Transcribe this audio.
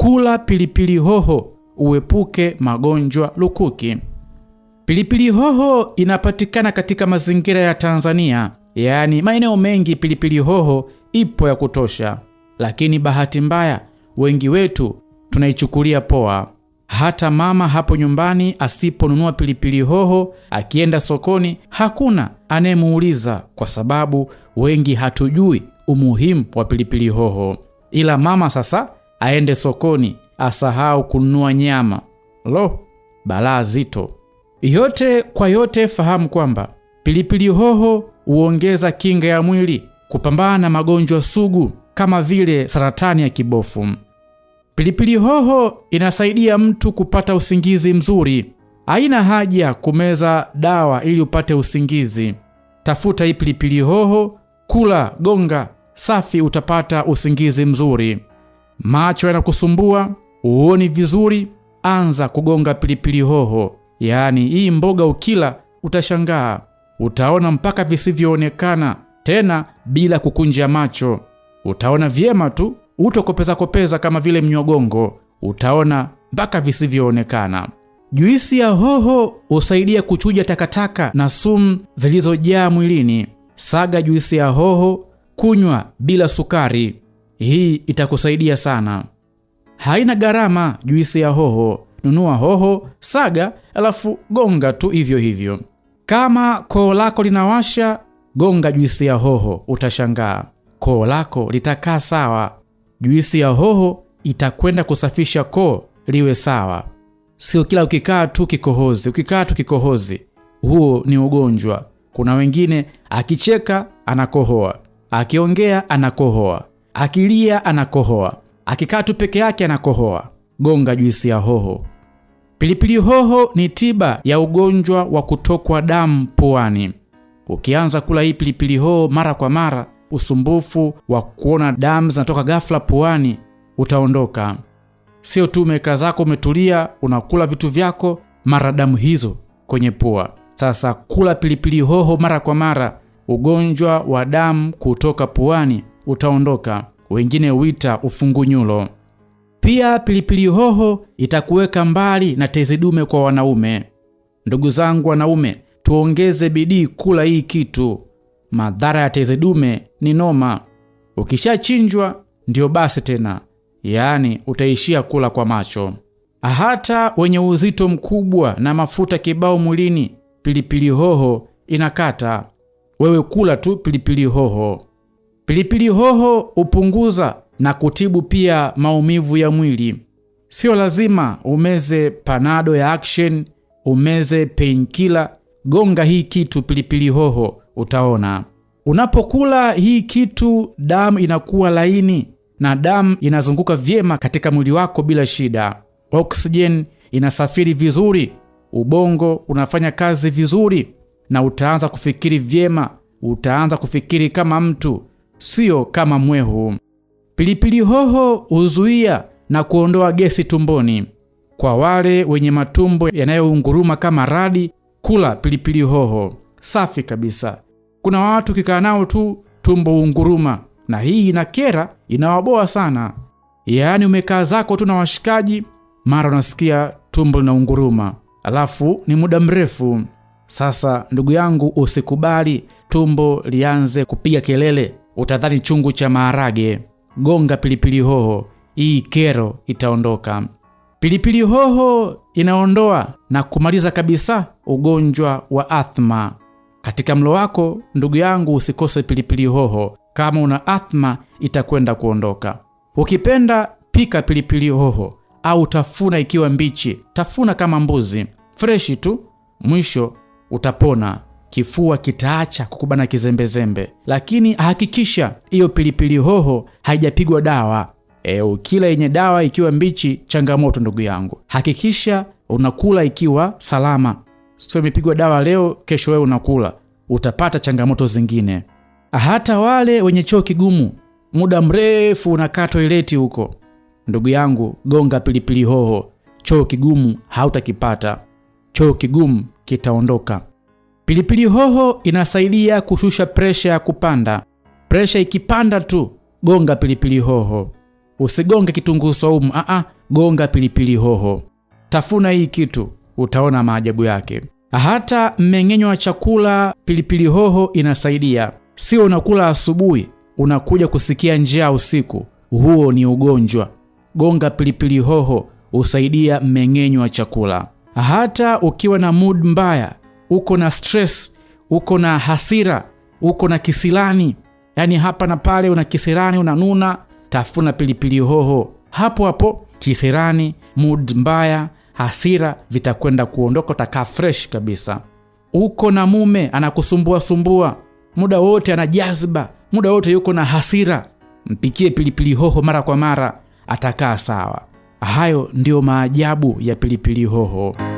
Kula pilipili hoho uepuke magonjwa lukuki. Pilipili hoho inapatikana katika mazingira ya Tanzania, yaani maeneo mengi pilipili hoho ipo ya kutosha, lakini bahati mbaya wengi wetu tunaichukulia poa. Hata mama hapo nyumbani asiponunua pilipili hoho, akienda sokoni hakuna anayemuuliza, kwa sababu wengi hatujui umuhimu wa pilipili hoho. Ila mama sasa aende sokoni asahau kununua nyama. Lo, balaa zito! Yote kwa yote, fahamu kwamba pilipili hoho huongeza kinga ya mwili kupambana na magonjwa sugu kama vile saratani ya kibofu. Pilipili hoho inasaidia mtu kupata usingizi mzuri. Haina haja kumeza dawa ili upate usingizi. Tafuta hii pilipili hoho, kula, gonga, safi, utapata usingizi mzuri macho yanakusumbua, uoni vizuri, anza kugonga pilipili hoho. Yaani hii mboga ukila utashangaa, utaona mpaka visivyoonekana tena, bila kukunja macho. Utaona vyema tu, utokopeza kopeza kama vile mnyogongo, utaona mpaka visivyoonekana. Juisi ya hoho husaidia kuchuja takataka na sumu zilizojaa mwilini. Saga juisi ya hoho, kunywa bila sukari. Hii itakusaidia sana. Haina gharama juisi ya hoho. Nunua hoho, saga, alafu gonga tu hivyo hivyo. Kama koo lako linawasha, gonga juisi ya hoho, utashangaa koo lako litakaa sawa. Juisi ya hoho itakwenda kusafisha koo liwe sawa. Sio kila ukikaa tu kikohozi, ukikaa tu kikohozi, huo ni ugonjwa. Kuna wengine akicheka anakohoa, akiongea anakohoa. Akilia anakohoa, akikaa tu peke yake anakohoa. Gonga juisi ya hoho. Pilipili hoho ni tiba ya ugonjwa wa kutokwa damu puani. Ukianza kula hii pilipili hoho mara kwa mara, usumbufu wa kuona damu zinatoka ghafla puani utaondoka. Sio tu umekaa zako umetulia, unakula vitu vyako, mara damu hizo kwenye pua. Sasa kula pilipili hoho mara kwa mara, ugonjwa wa damu kutoka puani utaondoka, wengine huita ufungunyulo. Pia pilipili hoho itakuweka mbali na tezi dume kwa wanaume. Ndugu zangu wanaume, tuongeze bidii kula hii kitu. Madhara ya tezi dume ni noma. Ukishachinjwa ndio basi tena, yaani utaishia kula kwa macho. Hata wenye uzito mkubwa na mafuta kibao mwilini, pilipili hoho inakata. Wewe kula tu pilipili hoho. Pilipili hoho hupunguza na kutibu pia maumivu ya mwili. Sio lazima umeze panado ya action, umeze painkiller. Gonga hii kitu pilipili hoho, utaona unapokula hii kitu, damu inakuwa laini na damu inazunguka vyema katika mwili wako bila shida. Oksijeni inasafiri vizuri, ubongo unafanya kazi vizuri, na utaanza kufikiri vyema, utaanza kufikiri kama mtu sio kama mwehu. Pilipili hoho huzuia na kuondoa gesi tumboni. Kwa wale wenye matumbo yanayounguruma kama radi, kula pilipili hoho safi kabisa. Kuna watu kikaa nao tu tumbo unguruma, na hii inakera, inawaboa sana. Yaani umekaa zako tu na washikaji, mara unasikia tumbo linaunguruma, alafu ni muda mrefu. Sasa ndugu yangu, usikubali tumbo lianze kupiga kelele Utadhani chungu cha maharage, gonga pilipili hoho, hii kero itaondoka. Pilipili hoho inaondoa na kumaliza kabisa ugonjwa wa athma. Katika mlo wako ndugu yangu, usikose pilipili hoho. Kama una athma itakwenda kuondoka. Ukipenda pika pilipili hoho au tafuna ikiwa mbichi, tafuna kama mbuzi freshi tu, mwisho utapona kifua kitaacha kukubana kizembezembe, lakini hakikisha hiyo pilipili hoho haijapigwa dawa. E, ukila yenye dawa ikiwa mbichi, changamoto ndugu yangu. Hakikisha unakula ikiwa salama, sio imepigwa dawa leo, kesho wewe unakula, utapata changamoto zingine. Hata wale wenye choo kigumu, muda mrefu unakaa toileti huko, ndugu yangu, gonga pilipili hoho. Choo kigumu hautakipata, choo kigumu kitaondoka. Pilipili hoho inasaidia kushusha presha ya kupanda. Presha ikipanda tu, gonga pilipili hoho. Usigonge kitunguu saumu, a, gonga pilipili hoho. Tafuna hii kitu, utaona maajabu yake. Hata mmeng'enyo wa chakula, pilipili hoho inasaidia. Sio unakula asubuhi, unakuja kusikia njaa usiku, huo ni ugonjwa. Gonga pilipili hoho, usaidia mmeng'enyo wa chakula. Hata ukiwa na mood mbaya uko na stress, uko na hasira, uko na kisilani, yaani hapa na pale una una unanuna, tafuna pilipili hoho. Hapo hapo kisirani mood mbaya, hasira vitakwenda kuondoka, utakaa fresh kabisa. Uko na mume anakusumbua sumbua muda wote, ana jazba muda wote, yuko na hasira, mpikie pilipili hoho mara kwa mara, atakaa sawa. Hayo ndiyo maajabu ya pilipili hoho.